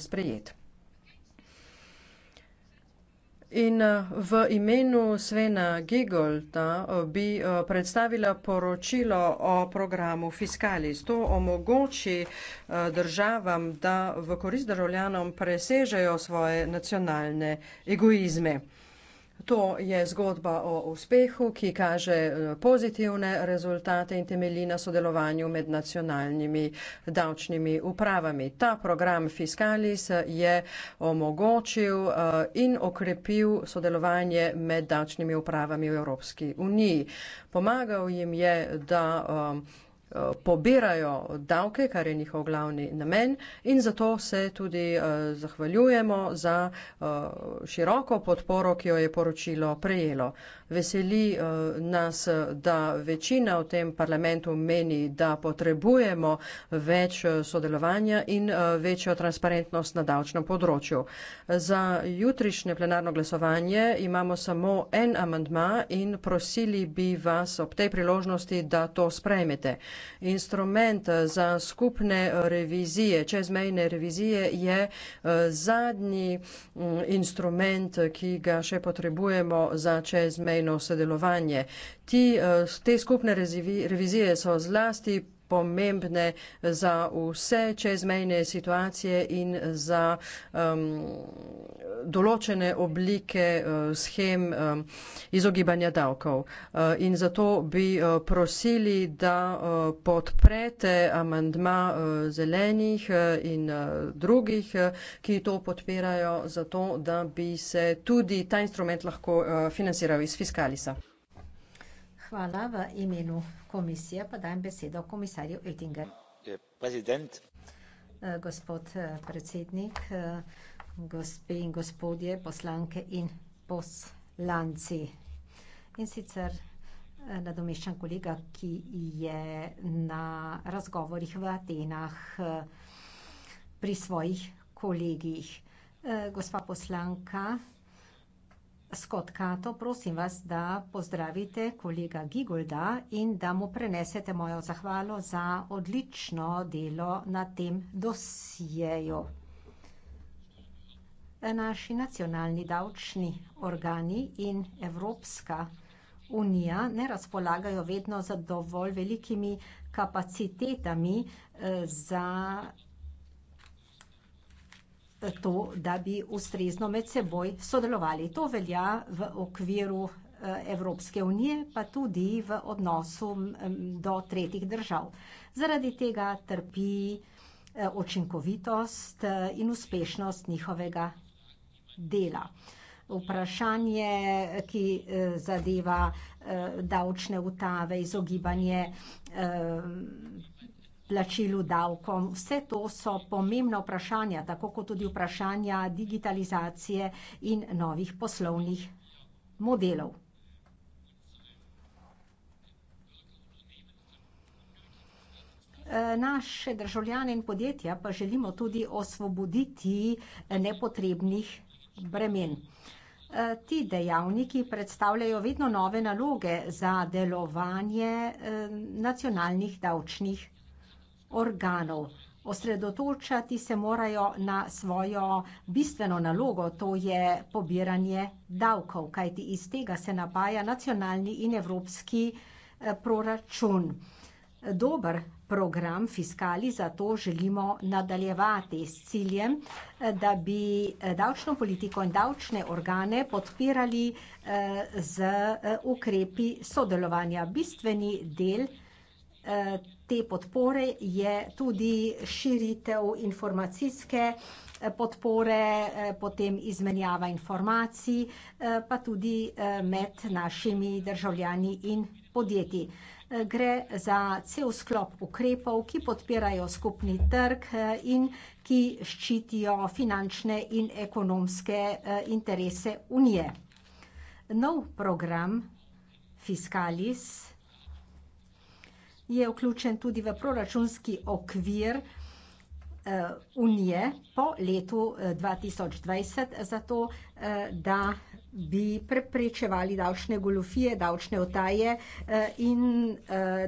sprejet. In eh, v imenu Svena Gigolta eh, bi eh, predstavila poročilo o programu Fiskalis. To omogoči državam, da v korist državljanom presežejo svoje nacionalne egoizme to je zgodba o uspehu, ki kaže eh, pozitivne rezultate in temelji na sodelovanju med nacionalnimi davčnimi upravami. Ta program Fiskalis je omogočil eh, in okrepil sodelovanje med davčnimi upravami v Evropski uniji. Pomagal jim je, da um, Eh, pobirajo davke, kar je njihov glavni namen in zato se tudi eh, zahvaljujemo za eh, široko podporo, ki jo je poročilo prejelo. Veseli nas, da večina v tem parlamentu meni, da potrebujemo več sodelovanja in večjo transparentnost na davčnem področju. Za jutrišnje plenarno glasovanje imamo samo en amantma in prosili bi vas ob tej priložnosti, da to spremete. Instrument za skupne revizije, čezmejne revizije, je eh, zadnji mm, instrument, ki ga še potrebujemo za čezmejno sodelovanje. Ti, eh, te skupne revizije so zlasti pomembne za vse čezmejne situacije in za um, določene oblike uh, schem um, izogibanja davkov. Uh, in zato bi uh, prosili, da uh, podprete amandma uh, zelenih uh, in uh, drugih, uh, ki to podpirajo, zato da bi se tudi ta instrument lahko uh, financiral iz fiskalisa. Hvala. V imenu komisije pa dajem besedo komisarju Oettinger. Eh, gospod eh, predsednik, eh, gospe in gospodje, poslanke in poslanci. In sicer nadomeščam kolega, ki je na razgovorih v Atenah pri svojih kolegih. Gospa poslanka, Skot Kato, prosim vas, da pozdravite kolega Gigolda in da mu prenesete mojo zahvalo za odlično delo na tem dosjeju. Naši nacionalni davčni organi in Evropska unija ne razpolagajo vedno z dovolj velikimi kapacitetami eh, za to, da bi ustrezno med seboj sodelovali. To velja v okviru eh, Evropske unije, pa tudi v odnosu do tretjih držav. Zaradi tega trpi očinkovitost eh, eh, in uspešnost njihovega dela. Vprašanje, ki zadeva davčne utave, izogibanje plačilu davkom. Vse to so pomembna vprašanja, tako kot tudi vprašanja digitalizacije in novih poslovnih modelov. E, naše državljane in podjetja pa želimo tudi osvoboditi nepotrebnih bremen. E, ti dejavniki predstavljajo vedno nove naloge za delovanje e, nacionalnih davčnih organov. Osredotočati se morajo na svojo bistveno nalogo, to je pobiranje davkov, kajti iz tega se napaja nacionalni in evropski eh, proračun. Dober program fiskali zato želimo nadaljevati s ciljem, eh, da bi eh, davčno politiko in davčne organe podpirali z ukrepi sodelovanja. Bistveni del te podpore je tudi širitev informacijske eh, podpore, eh, potem izmenjava informacij, eh, pa tudi, med našimi državljani in podjetji. gre za cel sklop ukrepov, ki podpirajo skupni trg, in ki ščitijo finančne in ekonomske, interese Unije. Nov program Fiscalis je vključen tudi v proračunski okvir, eh, unije po letu, eh, dva tisoč dvajset, zato, eh, da bi preprečevali davčne goljufije, davčne utaje, in,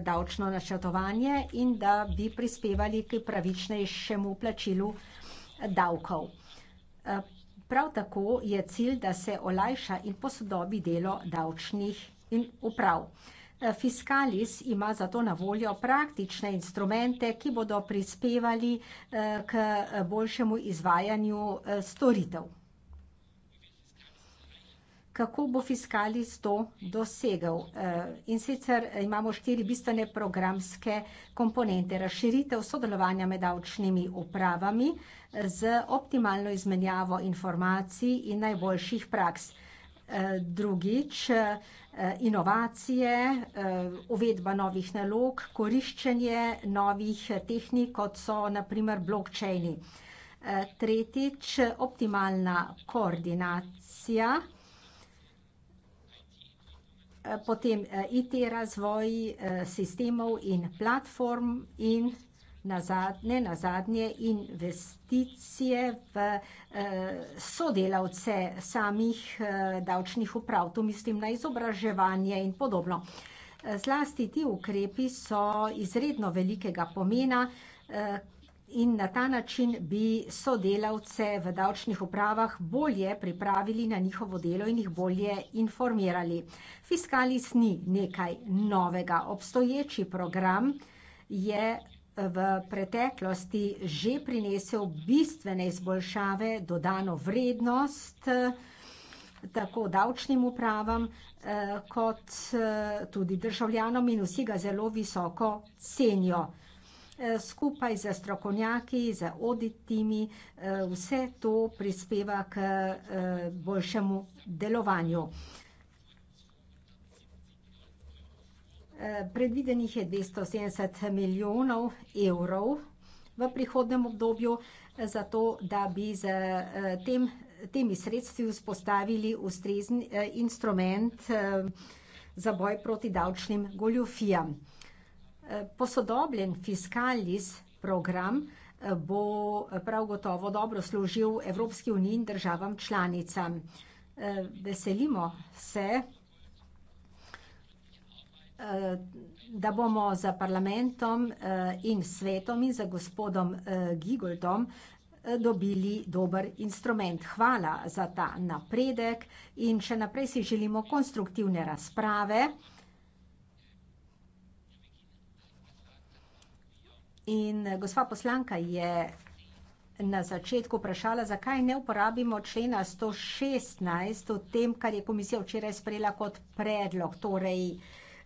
davčno načrtovanje in da bi prispevali k pravičnejšemu plačilu davkov. prav tako je cilj, da se olajša in posodobi delo davčnih in uprav. Fiskalis ima zato na voljo praktične instrumente, ki bodo prispevali eh, k boljšemu izvajanju eh, storitev. Kako bo Fiskalis to dosegel? Eh, in sicer imamo štiri bistvene programske komponente. Razširitev sodelovanja med davčnimi upravami z optimalno izmenjavo informacij in najboljših praks drugič, eh, inovacije, eh, uvedba novih nalog, koriščenje novih tehnik, kot so na primer blockchaini. Eh, tretjič, optimalna koordinacija, potem IT razvoj, sistemov in platform in nazadnje, nazadnje investicije v eh, sodelavce samih eh, davčnih uprav, tu mislim na izobraževanje in podobno. Eh, zlasti ti ukrepi so izredno velikega pomena eh, in na ta način bi sodelavce v davčnih upravah bolje pripravili na njihovo delo in jih bolje informirali. Fiskalis ni nekaj novega. Obstoječi program je v preteklosti že prinesel bistvene izboljšave, dodano vrednost, tako davčnim upravam, eh, kot, eh, tudi državljanom in vsi ga zelo visoko cenijo. Eh, skupaj s strokovnjaki, z audit timi, vse to prispeva k, boljšemu delovanju. Eh, predvidenih je 270 milijonov evrov v prihodnem obdobju, eh, zato da bi z eh, tem, temi sredstvi vzpostavili ustrezen instrument za boj proti davčnim goljofijam. Posodobljen fiskalis program bo prav gotovo dobro služil Evropski uniji in državam članicam. Veselimo se Eh, da bomo za parlamentom eh, in svetom in za gospodom eh, Gigoldom dobili dober instrument. Hvala za ta napredek in še naprej si želimo konstruktivne razprave. In gospa poslanka je na začetku vprašala, zakaj ne uporabimo člena sto šestnajst o tem, kar je komisija včeraj sprejela kot predlog, torej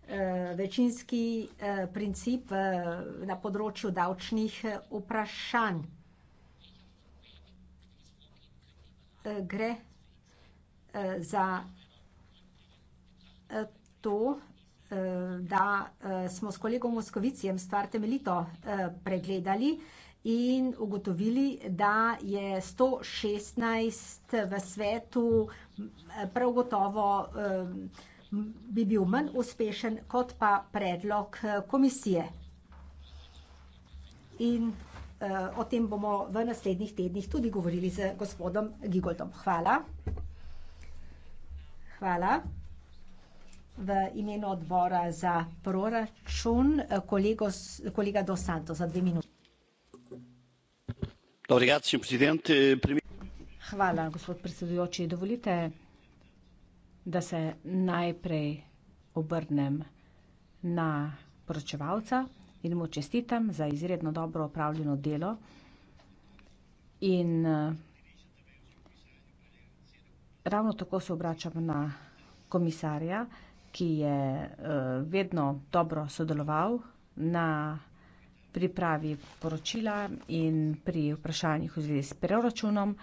Eh, večinski eh, princip eh, na področju davčnih vprašanj. Gre za to, da smo s kolegom Moskovicijem stvar temeljito pregledali in ugotovili, da je sto šestnajst v svetu prav gotovo bi bil manj uspešen kot pa predlog, eh, komisije. In, eh, o tem bomo v naslednjih tednih tudi govorili z gospodom Gigoldom. Hvala. Hvala. V imenu odbora za proračun, eh, kolego kolega Dos Santos za dve minuti. Hvala, gospod predsedujoči. Dovolite, da se najprej obrnem na poročevalca in mu čestitam za izredno dobro opravljeno delo. In eh, ravno tako se obračam na komisarja, ki je eh, vedno dobro sodeloval na pripravi poročila in pri vprašanjih v zvezi s proračunom.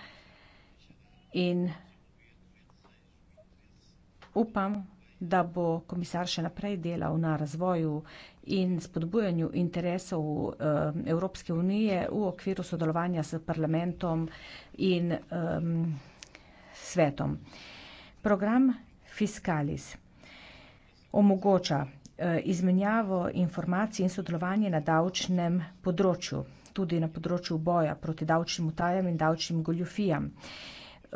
In Upam, da bo komisar še naprej delal na razvoju in spodbujanju interesov eh, Evropske unije v okviru sodelovanja s parlamentom in um, svetom. Program Fiscalis omogoča eh, izmenjavo informacij in sodelovanje na davčnem področju, tudi na področju boja proti davčnim utajam in davčnim goljufijam. Uh,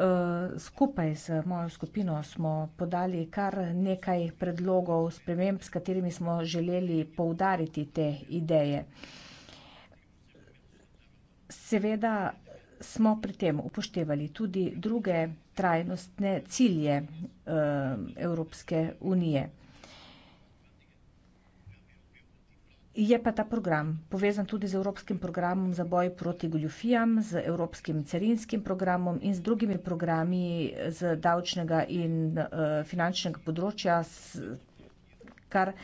Eh, skupaj s mojo skupino smo podali kar nekaj predlogov sprememb, s katerimi smo želeli poudariti te ideje. Seveda smo pri tem upoštevali tudi druge trajnostne cilje eh, Evropske unije. Je pa ta program povezan tudi z Evropskim programom za boj proti goljufijam, z Evropskim carinskim programom in z drugimi programi z davčnega in uh, finančnega področja, s, kar uh,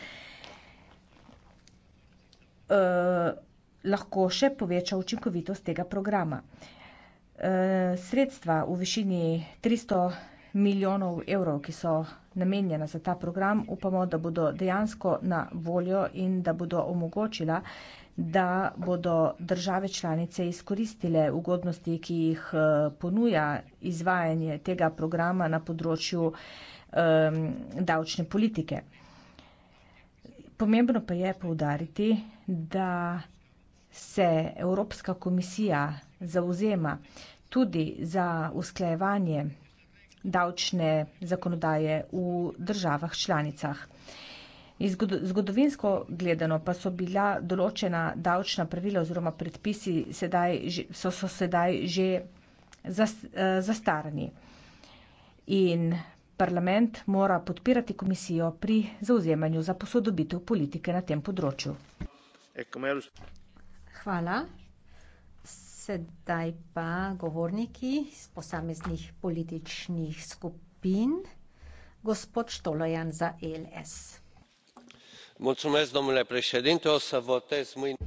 lahko še poveča učinkovitost tega programa. Uh, sredstva v višini 300 milijonov evrov, ki so namenjena za ta program, upamo, da bodo dejansko na voljo in da bodo omogočila, da bodo države članice izkoristile ugodnosti, ki jih eh, ponuja izvajanje tega programa na področju um, davčne politike. Pomembno pa je povdariti, da se Evropska komisija zauzema tudi za usklajevanje davčne zakonodaje v državah članicah. Zgodovinsko gledano pa so bila določena davčna pravila oziroma predpisi sedaj, so, so sedaj že eh, zastarani. In parlament mora podpirati komisijo pri zauzemanju za posodobitev politike na tem področju. Hvala. Sedaj pa govorniki z posameznih političnih skupin. Gospod Štolojan za ELS. Mulțumesc, domnule președinte, o să votez mâine.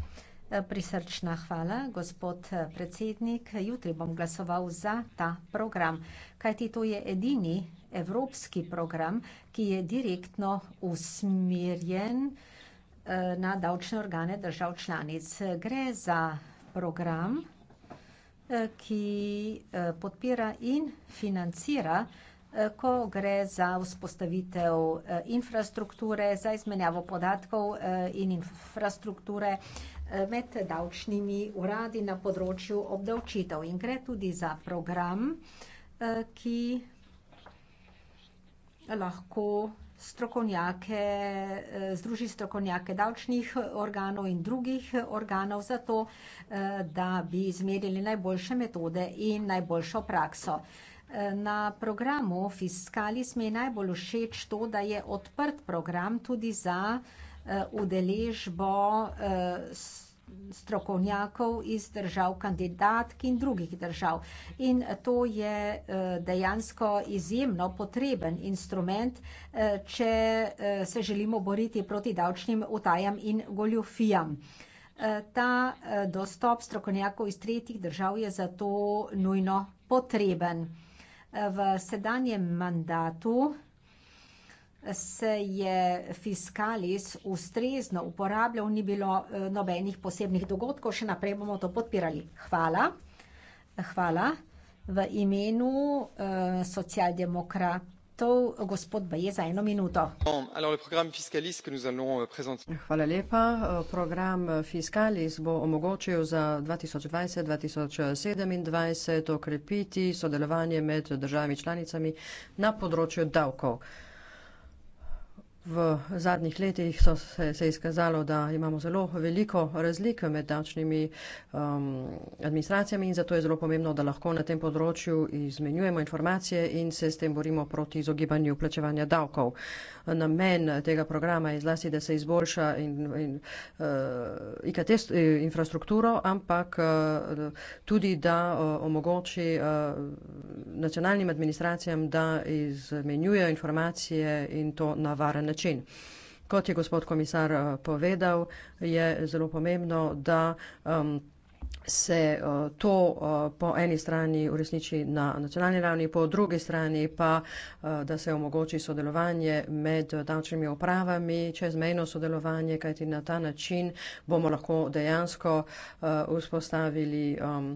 Prisrčna hvala, gospod predsednik. Jutri bom glasoval za ta program, kajti to je edini evropski program, ki je direktno usmerjen eh, na davčne organe držav članic. Gre za program, ki eh, podpira in financira, eh, ko gre za vzpostavitev eh, infrastrukture, za izmenjavo podatkov in infrastrukture med davčnimi uradi na področju obdavčitev. In gre tudi za program, ki lahko strokovnjake, eh, združi strokovnjake davčnih organov in drugih organov za to, eh, da bi izmerili najboljše metode in najboljšo prakso. Eh, na programu Fiskalis mi je najbolj všeč to, da je odprt program tudi za udeležbo strokovnjakov, strokovnjakov iz držav kandidatk in drugih držav. In to je eh, dejansko izjemno potreben instrument, eh, če eh, se želimo boriti proti davčnim utajam in goljofijam. Ta dostop strokovnjakov iz tretjih držav je zato nujno potreben. V sedanjem mandatu se je fiskalis ustrezno uporabljal, ni bilo e, nobenih posebnih dogodkov, še naprej bomo to podpirali. Hvala. Hvala. V imenu e, socialdemokrat. To gospod Baje za eno minuto. Euh, Hvala lepa. E, program Fiskalis bo omogočil za 2020-2027 okrepiti sodelovanje med državami članicami na področju davkov. V zadnjih letih so se, se izkazalo, da imamo zelo veliko razlik med davčnimi um, administracijami in zato je zelo pomembno, da lahko na tem področju izmenjujemo informacije in se s tem borimo proti izogibanju plačevanja davkov. Namen tega programa je zlasti, da se izboljša in, in, uh, IKT eh, infrastrukturo, ampak uh, tudi, da uh, omogoči uh, nacionalnim administracijam, da izmenjujejo informacije in to na varen način način. Kot je gospod komisar eh, povedal, je zelo pomembno, da um, se uh, to uh, po eni strani uresniči na nacionalni ravni, po drugi strani pa, uh, da se omogoči sodelovanje med davčnimi upravami, čezmejno sodelovanje, kajti na ta način bomo lahko dejansko uh, vzpostavili um,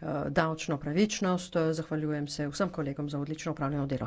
uh, davčno pravičnost. Zahvaljujem se vsem kolegom za odlično upravljeno delo.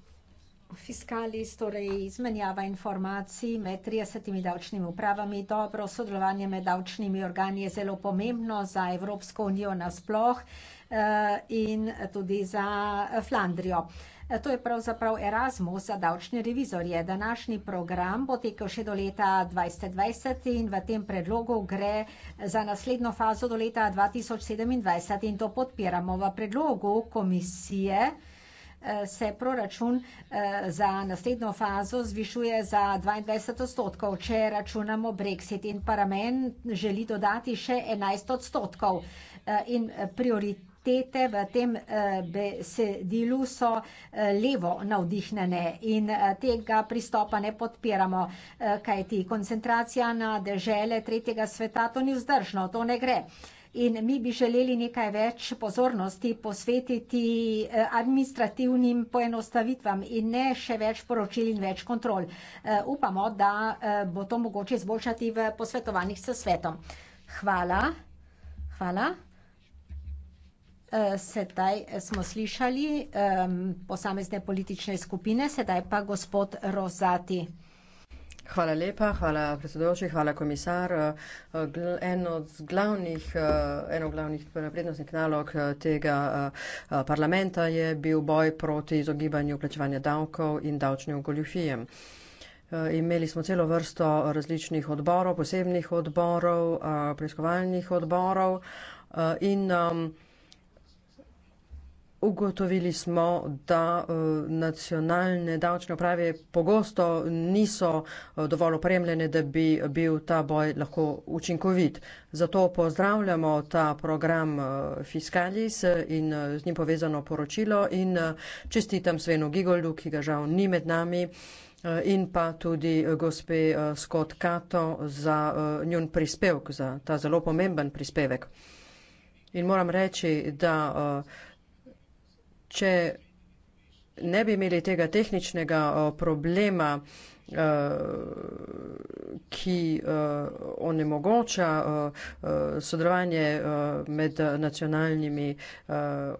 Fiskalis, torej izmenjava informacij med 30 davčnimi upravami. Dobro sodelovanje med davčnimi organi je zelo pomembno za Evropsko unijo nasploh eh, in tudi za eh, Flandrijo. Eh, to je pravzaprav Erasmus za davčne revizorje. Današnji program bo tekel še do leta 2020 in v tem predlogu gre za naslednjo fazo do leta 2027 in to podpiramo v predlogu komisije se proračun eh, za naslednjo fazo zvišuje za dvaindvajset odstotkov. Če računamo Brexit in parlament želi dodati še enajst odstotkov. Eh, in prioritete v tem eh, besedilu so levo navdihnjene in tega pristopa ne podpiramo, kajti koncentracija na dežele tretjega sveta, to ni vzdržno, to ne gre in mi bi želeli nekaj več pozornosti posvetiti eh, administrativnim poenostavitvam in ne še več poročil in več kontrol. Eh, upamo, da eh, bo to mogoče izboljšati v posvetovanjih s svetom. Hvala. Hvala. Sedaj smo slišali posamezne politične skupine, sedaj pa gospod Rozati. Hvala lepa, hvala predsedovši, hvala komisar. En od glavnih, en od glavnih prednostnih nalog tega parlamenta je bil boj proti izogibanju plačevanja davkov in davčnim goljufijem. Imeli smo celo vrsto različnih odborov, posebnih odborov, preiskovalnih odborov in um, Ugotovili smo, da eh, nacionalne davčne uprave pogosto niso eh, dovolj opremljene, da bi bil ta boj lahko učinkovit. Zato pozdravljamo ta program eh, Fiskalis in z njim povezano poročilo in čestitam Svenu Gigoldu, ki ga žal ni med nami in pa tudi gospe Scott Kato za njun prispevek, za ta zelo pomemben prispevek. In moram reči, da uh, če ne bi imeli tega tehničnega eh, problema, Eh, ki eh, onemogoča eh, sodelovanje med nacionalnimi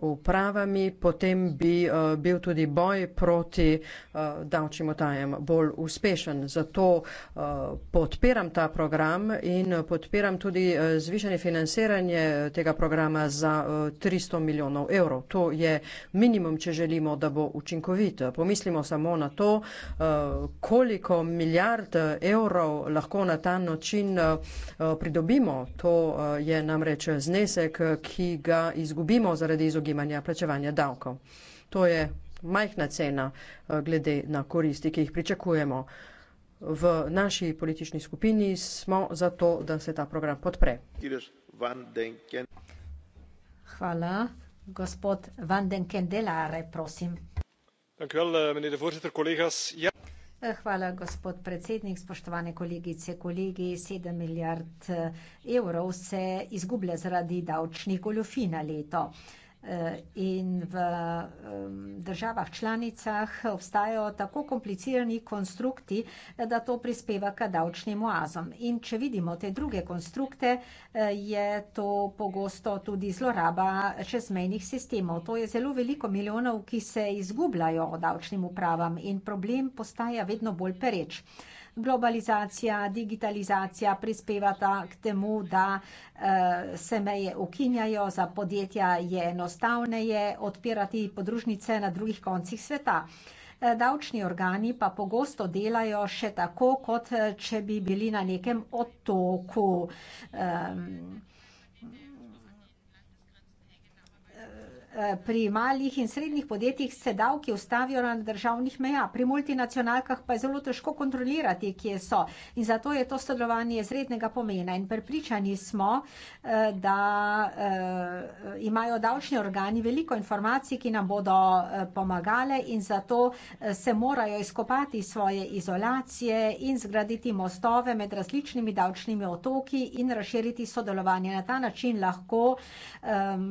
upravami, potem bi bil tudi boj proti davčnim otajem bolj uspešen. Zato podpiram ta program in podpiram tudi zvišanje financiranje tega programa za 300 milijonov evrov. To je minimum, če želimo, da bo učinkovit. Pomislimo samo na to, koliko koliko milijard evrov lahko na ta način eh, pridobimo. To eh, je namreč znesek, ki ga izgubimo zaradi izogibanja plačevanja davkov. To je majhna cena eh, glede na koristi, ki jih pričakujemo. V naši politični skupini smo za to, da se ta program podpre. Hvala. Gospod Vandenken Delare, prosim. Dankjewel, meneer de voorzitter, collega's. Ja. Hvala, gospod predsednik. Spoštovane kolegice, kolegi, sedem milijard eh, evrov se izgublja zaradi davčnih goljofij na leto. Eh, in v državah članicah obstajajo tako komplicirani konstrukti, da to prispeva k davčnim oazom. In če vidimo te druge konstrukte, eh, je to pogosto tudi zloraba čezmejnih sistemov. To je zelo veliko milijonov, ki se izgubljajo davčnim upravam in problem postaja vedno bolj pereč globalizacija, digitalizacija prispevata k temu, da eh, se meje ukinjajo, za podjetja je enostavneje odpirati podružnice na drugih koncih sveta. Eh, davčni organi pa pogosto delajo še tako, kot eh, če bi bili na nekem otoku. Ehm, Eh, pri malih in srednjih podjetjih se davki ustavijo na državnih meja, pri multinacionalkah pa je zelo težko kontrolirati, kje so. In zato je to sodelovanje izrednega pomena in prepričani smo, eh, da eh, imajo davčni organi veliko informacij, ki nam bodo pomagale in zato se morajo izkopati svoje izolacije in zgraditi mostove med različnimi davčnimi otoki in razširiti sodelovanje. Na ta način lahko um,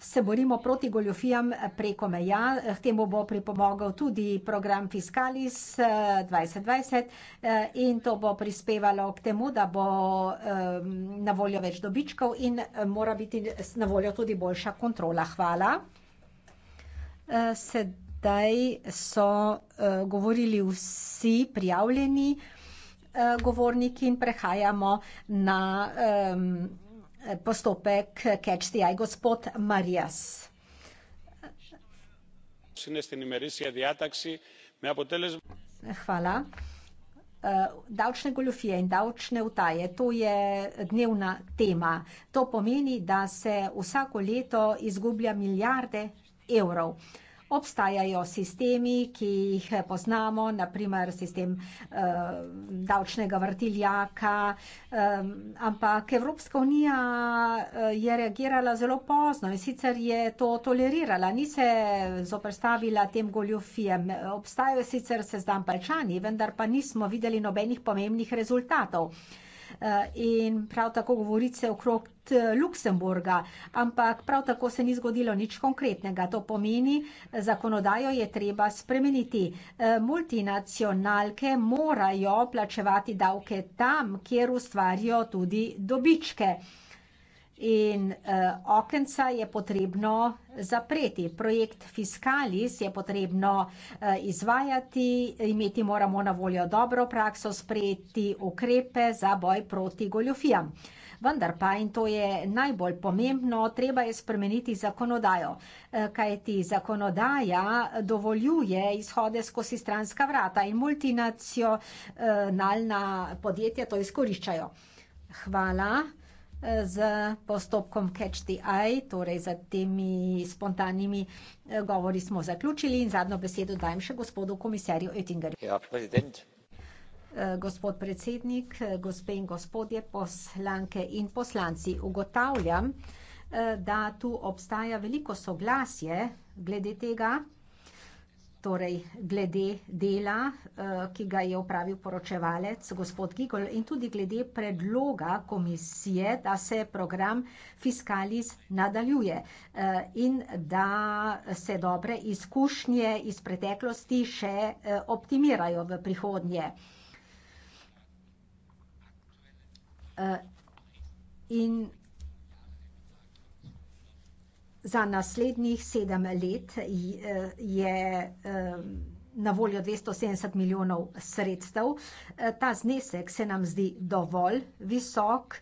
se borimo proti goljofijam preko meja, k temu bo pripomogel tudi program Fiskalis 2020 eh, eh, in to bo prispevalo k temu, da bo eh, na voljo več dobičkov in mora biti na voljo tudi boljša kontrola. Hvala. Sedaj so govorili vsi prijavljeni govorniki in prehajamo na vsega postopek Catch the Eye. Gospod Marias. Hvala. Eh, davčne goljofije in davčne utaje, to je dnevna tema. To pomeni, da se vsako leto izgublja milijarde evrov. Obstajajo sistemi, ki jih poznamo, naprimer sistem eh, davčnega vrtiljaka, eh, ampak Evropska unija eh, je reagirala zelo pozno in sicer je to tolerirala, ni se zoprstavila tem goljofijem. Obstajajo sicer seznam palčani, vendar pa nismo videli nobenih pomembnih rezultatov. Eh, in prav tako govorice okrog Luksemburga, ampak prav tako se ni zgodilo nič konkretnega. To pomeni, zakonodajo je treba spremeniti. Eh, multinacionalke morajo plačevati davke tam, kjer ustvarijo tudi dobičke. In eh, okenca je potrebno zapreti. Projekt Fiskalis je potrebno eh, izvajati, imeti moramo na voljo dobro prakso, sprejeti ukrepe za boj proti goljofijam. Eh, Vendar pa, in to je najbolj pomembno, treba je spremeniti zakonodajo. Eh, kajti zakonodaja dovoljuje izhode skozi stranska vrata in multinacionalna podjetja to izkoriščajo. Hvala eh, z postopkom Catch the Eye, torej za temi spontanimi eh, govori smo zaključili in zadnjo besedo dajem še gospodu komisarju Ettingerju. Ja, gospod predsednik, gospe in gospodje, poslanke in poslanci. Ugotavljam, da tu obstaja veliko soglasje glede tega, torej glede dela, ki ga je opravil poročevalec gospod Gigol in tudi glede predloga komisije, da se program Fiskalis nadaljuje in da se dobre izkušnje iz preteklosti še optimirajo v prihodnje. Eh, in za naslednjih sedem let eh, je eh, na voljo dvesto sedemdeset milijonov sredstev. Ta znesek se nam zdi dovolj visok,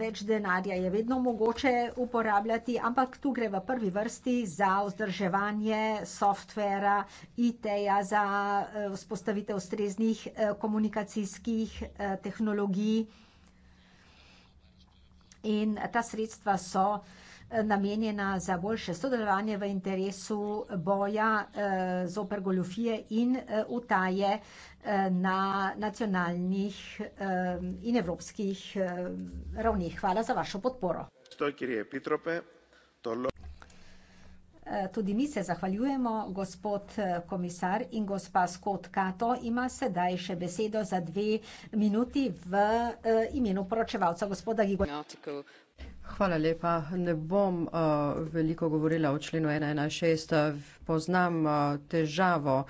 več denarja je vedno mogoče uporabljati, ampak tu gre v prvi vrsti za vzdrževanje softwara, IT-ja, za vzpostavitev ustreznih komunikacijskih tehnologij in ta sredstva so eh, namenjena za boljše sodelovanje v interesu boja eh, z opergoljofije in eh, utaje na nacionalnih in evropskih ravneh. Hvala za vašo podporo. Eh, tudi mi se zahvaljujemo, gospod eh, komisar in gospa Skot Kato ima sedaj še besedo za dve minuti v eh, imenu poročevalca gospoda Gigo. Hvala lepa. Ne bom uh, veliko govorila o členu 116. Poznam uh, težavo uh,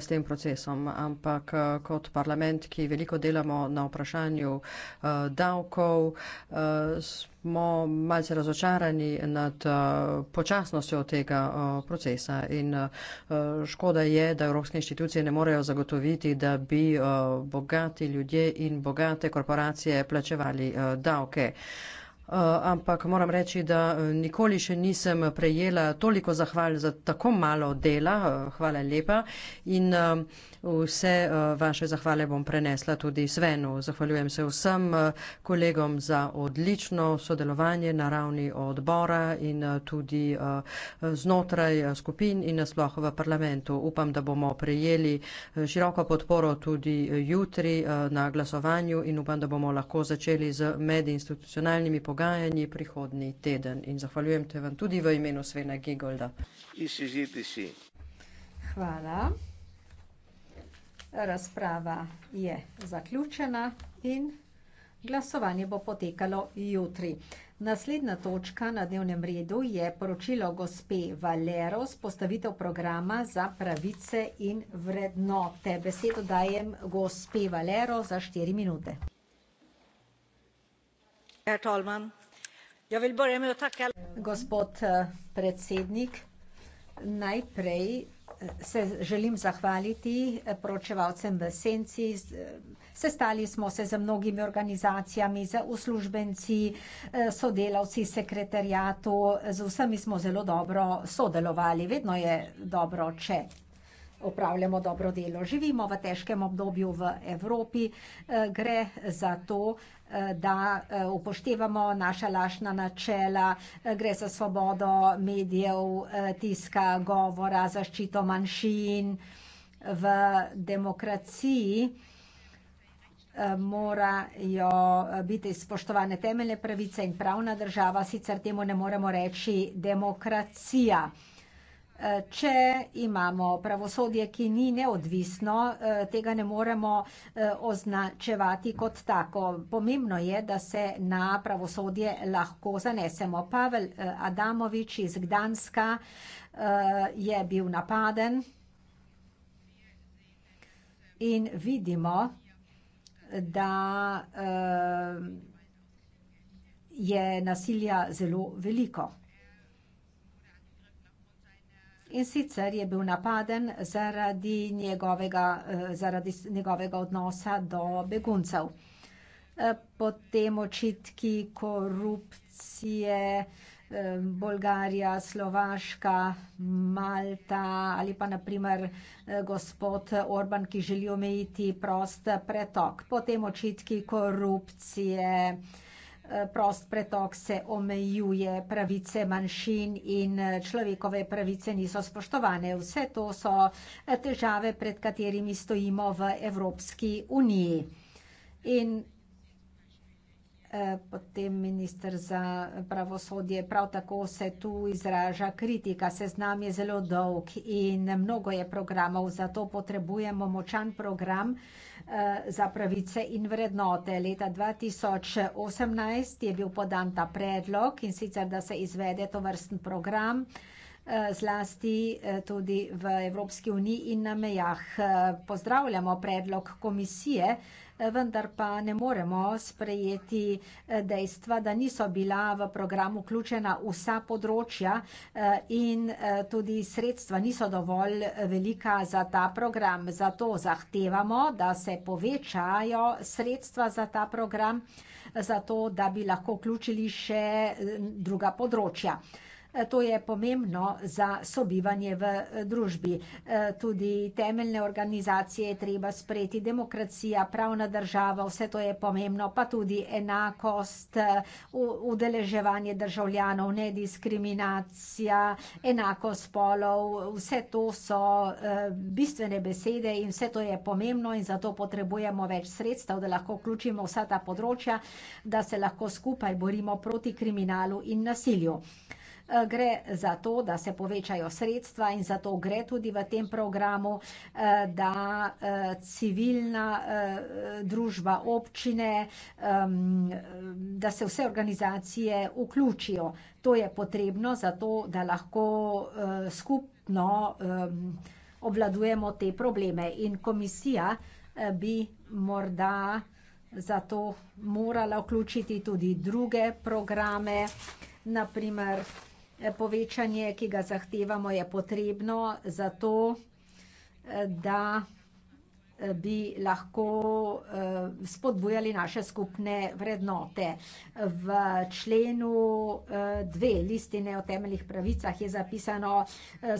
s tem procesom, ampak uh, kot parlament, ki veliko delamo na vprašanju uh, davkov, uh, smo malce razočarani nad uh, počasnostjo tega uh, procesa. In uh, škoda je, da evropske inštitucije ne morejo zagotoviti, da bi uh, bogati ljudje in bogate korporacije plačevali uh, davke. Uh, Eh, ampak moram reči, da eh, nikoli še nisem prejela toliko zahval za tako malo dela. Eh, hvala lepa in vse vaše zahvale bom prenesla tudi Svenu. Zahvaljujem se vsem kolegom za odlično sodelovanje na ravni odbora in tudi znotraj skupin in nasploh v parlamentu. Upam, da bomo prejeli široko podporo tudi jutri na glasovanju in upam, da bomo lahko začeli z medinstitucionalnimi pogajanji pogajanji prihodnji teden in zahvaljujem te vam tudi v imenu Svena Gigolda. Hvala. Razprava je zaključena in glasovanje bo potekalo jutri. Naslednja točka na dnevnem redu je poročilo gospe Valero z postavitev programa za pravice in vrednote. Besedo dajem gospe Valero za štiri minute. Gospod, eh, predsednik, najprej, eh, se želim zahvaliti, eh, poročevalcem v senci, sestali smo se z mnogimi organizacijami, z uslužbenci, sodelavci, sekretariatu, z vsemi smo zelo dobro sodelovali, vedno je dobro, če opravljamo dobro delo. Živimo v težkem obdobju v Evropi, eh, gre za to, eh, da eh, upoštevamo naša lašna načela, gre za svobodo medijev, tiska, govora, zaščito manjšin. V demokraciji morajo biti spoštovane temeljne pravice in pravna država, sicer temu ne moremo reči demokracija če imamo pravosodje, ki ni neodvisno, eh, tega ne moremo eh, označevati kot tako. Pomembno je, da se na pravosodje lahko zanesemo. Pavel eh, Adamovič iz Gdanska je bil napaden in vidimo, da je nasilja zelo veliko. In sicer je bil napaden zaradi njegovega, eh, zaradi njegovega odnosa do beguncev. Eh, potem očitki korupcije, eh, Bolgarija, Slovaška, Malta ali pa naprimer gospod Orban, ki želi omejiti prost pretok. Potem očitki korupcije, Eh, prost pretok se omejuje, pravice manjšin in eh, človekove pravice niso spoštovane. Vse to so eh, težave, pred katerimi stojimo v Evropski uniji. In Potem minister za pravosodje, prav tako se tu izraža kritika, seznam je zelo dolg in mnogo je programov, zato potrebujemo močan program, Eh, za pravice in vrednote. Leta dva tisoč osemnajst je bil podan ta predlog, in sicer da se izvede tovrsten program, eh, zlasti, eh, tudi v Evropski uniji in na mejah. Pozdravljamo predlog komisije, vendar pa ne moremo sprejeti eh, dejstva, da niso bila v program vključena vsa področja eh, in eh, tudi sredstva niso dovolj velika za ta program. Zato zahtevamo, da se povečajo sredstva za ta program, zato da bi lahko vključili še druga področja. Eh, to je pomembno za sobivanje v eh, družbi. Eh, tudi temeljne organizacije je treba sprejeti, demokracija, pravna država, vse to je pomembno, pa tudi enakost, udeleževanje državljanov, nediskriminacija, enakost spolov, vse to so bistvene besede in vse to je pomembno in zato potrebujemo več sredstev, da lahko vključimo vsa ta področja, da se lahko skupaj borimo proti kriminalu in nasilju gre za to, da se povečajo sredstva in zato gre tudi v tem programu, eh, da, eh, civilna, eh, družba, občine, da se vse organizacije vključijo. To je potrebno zato, da lahko, skupno, obvladujemo te probleme in komisija, bi morda zato morala vključiti tudi druge programe, na primer povečanje, ki ga zahtevamo, je potrebno zato, da bi lahko spodbujali naše skupne vrednote. V členu dve listine o temeljih pravicah je zapisano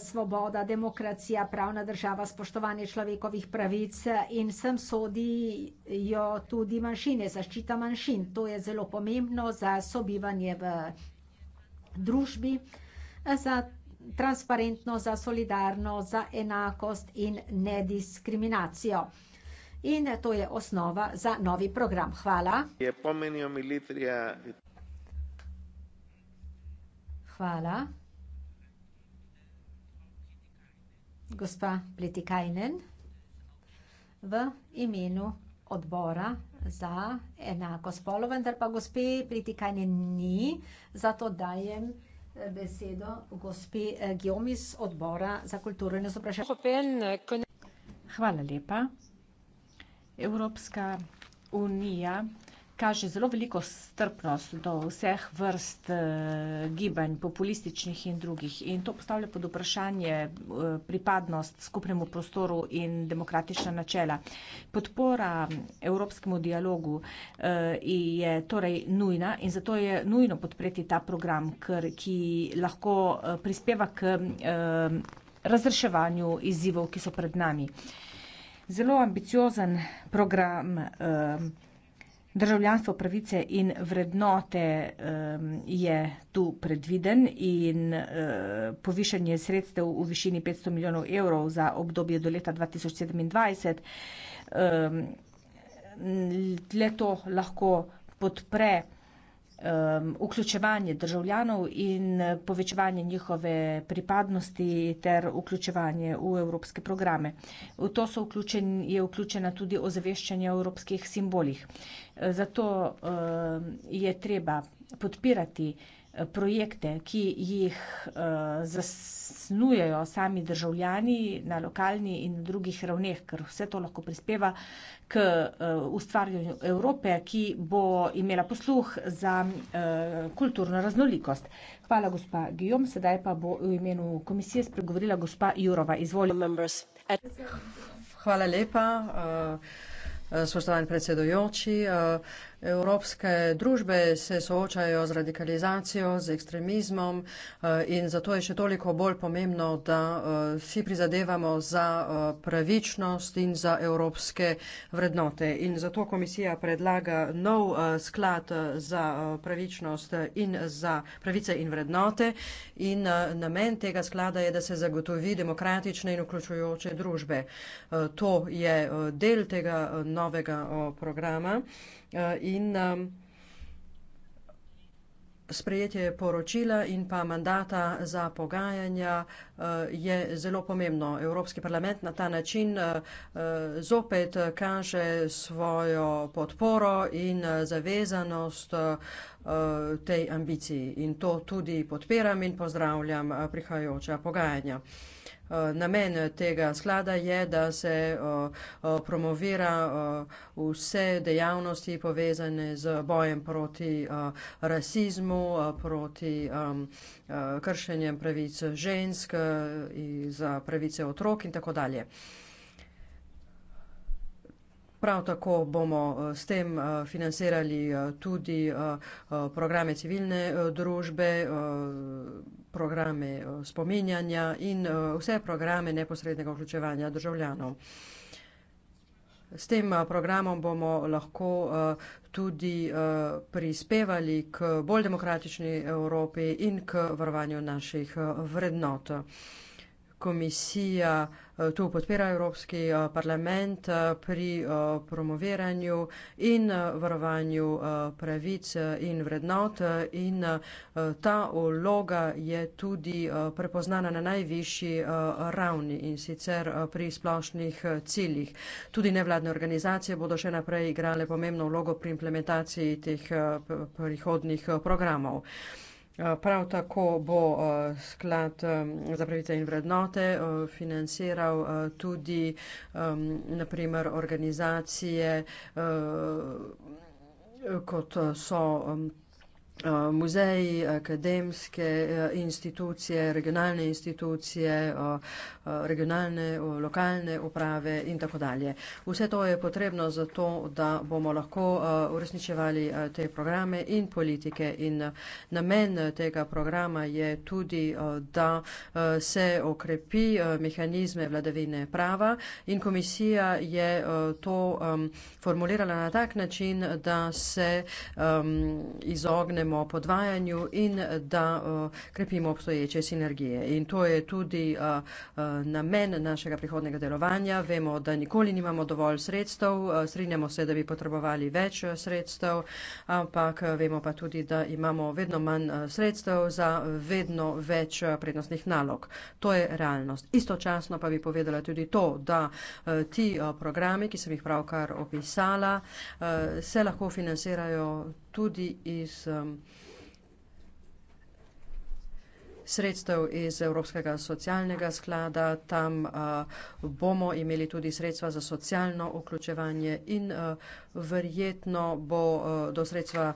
svoboda, demokracija, pravna država, spoštovanje človekovih pravic in sem sodijo tudi manjšine, zaščita manjšin. To je zelo pomembno za sobivanje v državi družbi za transparentno, za solidarno, za enakost in nediskriminacijo. In to je osnova za novi program. Hvala. Hvala. Gospa Pletikajnen, v imenu odbora za enako spolo, vendar pa gospe pritikanje ni, zato dajem eh, besedo gospe eh, Gjomis odbora za kulturo in izobraževanje. Hvala lepa. Evropska unija kaže zelo veliko strpnost do vseh vrst eh, gibanj, populističnih in drugih. In to postavlja pod vprašanje eh, pripadnost skupnemu prostoru in demokratična načela. Podpora evropskemu dialogu eh, je torej nujna in zato je nujno podpreti ta program, ki lahko prispeva k razreševanju izzivov, ki so pred nami. Zelo ambiciozen program. Državljanstvo pravice in vrednote um, je tu predviden in uh, povišanje sredstev v višini 500 milijonov evrov za obdobje do leta 2027. Um, le to lahko podpre um, vključevanje državljanov in povečevanje njihove pripadnosti ter vključevanje v evropske programe. V to so vključen, je vključena tudi ozaveščanje o evropskih simbolih. Zato um, je treba podpirati uh, projekte, ki jih eh, zasnujejo sami državljani na lokalni in drugih ravneh, ker vse to lahko prispeva k eh, ustvarjanju Evrope, ki bo imela posluh za eh, kulturno raznolikost. Hvala, gospa Gijom. Sedaj pa bo v imenu komisije spregovorila gospa Jurova. Izvolite. Hvala lepa, spoštovani predsedojoči. Evropske družbe se soočajo z radikalizacijo, z ekstremizmom eh, in zato je še toliko bolj pomembno, da vsi eh, prizadevamo za eh, pravičnost in za evropske vrednote. In zato komisija predlaga nov sklad za pravičnost in za pravice in vrednote. In namen tega sklada je, da se zagotovi demokratične in vključujoče družbe. To je del tega novega programa. Eh, in sprejetje poročila in pa mandata za pogajanja eh, je zelo pomembno. Evropski parlament na ta način eh, zopet kaže svojo podporo in zavezanost tej ambiciji. In to tudi podpiram in pozdravljam prihajajoča pogajanja. Eh, namen tega sklada je, da se o, eh, o, eh, promovira o, vse dejavnosti povezane z bojem proti o, rasizmu, o, proti o, kršenjem pravic žensk in za pravice otrok in tako dalje. Prav tako bomo s tem financirali tudi programe civilne družbe programe eh, spominjanja in eh, vse programe neposrednega vključevanja državljanov. S tem eh, programom bomo lahko tudi prispevali k bolj demokratični Evropi in k varovanju naših vrednot. Komisija Eh, to podpira Evropski eh, parlament eh, pri promoviranju in varovanju pravic in vrednot in ta vloga je tudi prepoznana na najvišji ravni in sicer pri splošnih ciljih. Tudi nevladne organizacije bodo še naprej igrale pomembno vlogo pri implementaciji teh prihodnih programov. Eh, prav tako bo eh, sklad eh, za pravice in vrednote financiral tudi naprimer organizacije kot so Eh, muzeji, akademske eh, institucije, regionalne institucije, regionalne, lokalne uprave in tako dalje. Vse to je potrebno zato, da bomo lahko eh, uresničevali te programe in politike in namen tega programa je tudi, da se okrepi mehanizme vladavine prava in komisija je to formulirala na tak način, da se izognemo govorimo o podvajanju in da krepimo obstoječe sinergije. In to je tudi namen našega prihodnega delovanja. Vemo, da nikoli nimamo dovolj sredstev, strinjamo se, da bi potrebovali več sredstev, ampak vemo pa tudi, da imamo vedno manj sredstev za vedno več prednostnih nalog. To je realnost. Istočasno pa bi povedala tudi to, da ti programi, ki sem jih pravkar opisala, se lahko financirajo tudi iz um, sredstev iz Evropskega socialnega sklada. Tam uh, bomo imeli tudi sredstva za socialno vključevanje in uh, verjetno bo uh, do sredstva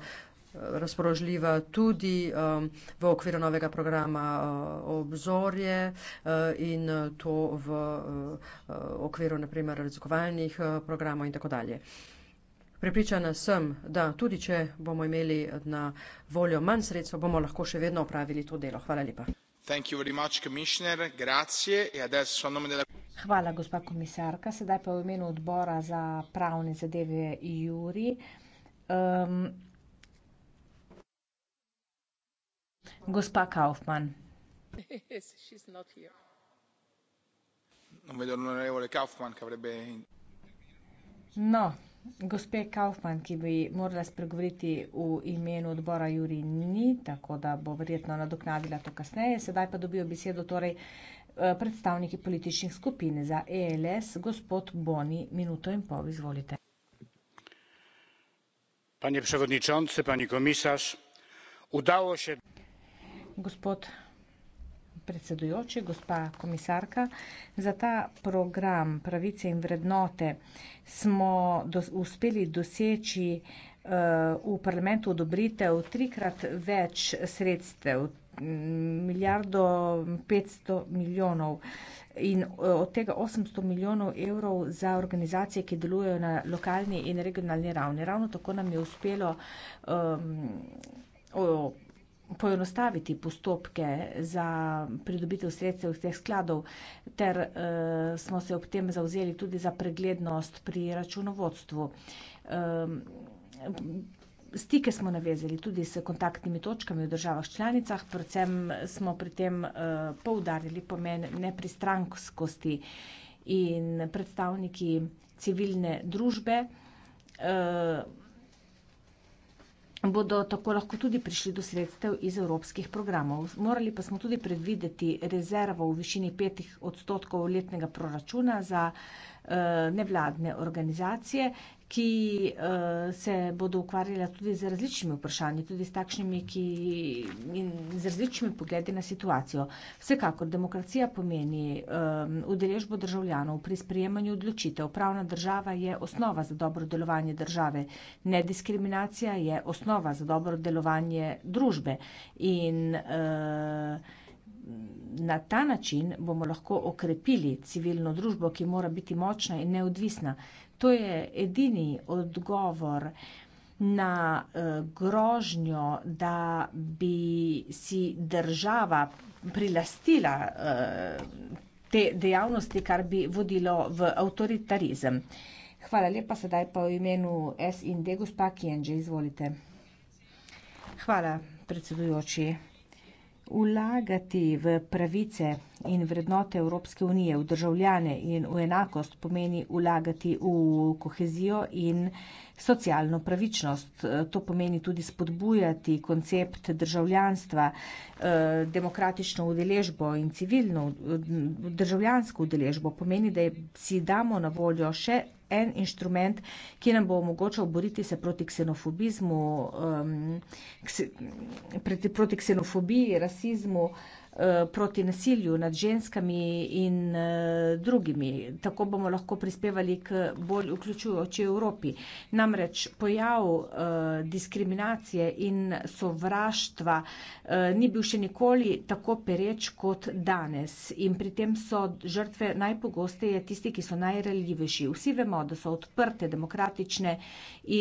razporožljiva tudi um, v okviru novega programa uh, obzorje uh, in to v uh, okviru, naprimer, raziskovalnih uh, programov in tako dalje. Pripričana sem, da tudi če bomo imeli na voljo manj sredstva, bomo lahko še vedno opravili to delo. Hvala lepa. E Hvala, gospa komisarka. Sedaj pa v imenu odbora za pravne zadeve Juri. Um, gospa Kaufmann. No, Gospe Kaufman, ki bi morala spregovoriti v imenu odbora Juri, ni, tako da bo verjetno nadoknadila to kasneje. Sedaj pa dobijo besedo torej, eh, predstavniki političnih skupin za ELS. Gospod Boni, minuto in pol, izvolite. Pani predsedujoča, pani komisar, udalo se. Gospod predsedujoči, gospa komisarka. Za ta program pravice in vrednote smo dos uspeli doseči uh, v parlamentu odobritev trikrat več sredstev, milijardo 500 milijonov in eh, od tega 800 milijonov evrov za organizacije, ki delujejo na lokalni in regionalni ravni. Ravno tako nam je uspelo. Um, poenostaviti postopke za pridobitev sredstev iz teh skladov, ter e, smo se ob tem zauzeli tudi za preglednost pri računovodstvu. E, stike smo navezali tudi s kontaktnimi točkami v državah članicah, predvsem smo pri tem e, poudarili pomen nepristranskosti in predstavniki civilne družbe. E, bodo tako lahko tudi prišli do sredstev iz evropskih programov. Morali pa smo tudi predvideti rezervo v višini petih odstotkov letnega proračuna za eh, nevladne organizacije, ki uh, se bodo ukvarjala tudi z različnimi vprašanji, tudi s takšnimi, ki in z različnimi pogledi na situacijo. Vsekakor demokracija pomeni um, udeležbo državljanov pri sprejemanju odločitev. Pravna država je osnova za dobro delovanje države. Nediskriminacija je osnova za dobro delovanje družbe. In, uh, Na ta način bomo lahko okrepili civilno družbo, ki mora biti močna in neodvisna. To je edini odgovor na eh, grožnjo, da bi si država prilastila eh, te dejavnosti, kar bi vodilo v avtoritarizem. Hvala lepa, sedaj pa v imenu S in D, gospa Kienže, izvolite. Hvala, predsedujoči. Vlagati v pravice in vrednote Evropske unije, v državljane in v enakost pomeni vlagati v kohezijo in socialno pravičnost. To pomeni tudi spodbujati koncept državljanstva, eh, demokratično udeležbo in civilno eh, državljansko udeležbo. Pomeni, da si damo na voljo še en inštrument, ki nam bo omogočal boriti se proti ksenofobizmu, um, kse, proti, proti ksenofobiji, rasizmu, uh, Eh, proti nasilju nad ženskami in eh, drugimi. Tako bomo lahko prispevali k bolj vključujoči Evropi. Namreč pojav eh, diskriminacije in sovraštva ni bil še nikoli tako pereč kot danes. In pri tem so žrtve najpogosteje tisti, ki so najreljivejši. Vsi vemo, da so odprte, demokratične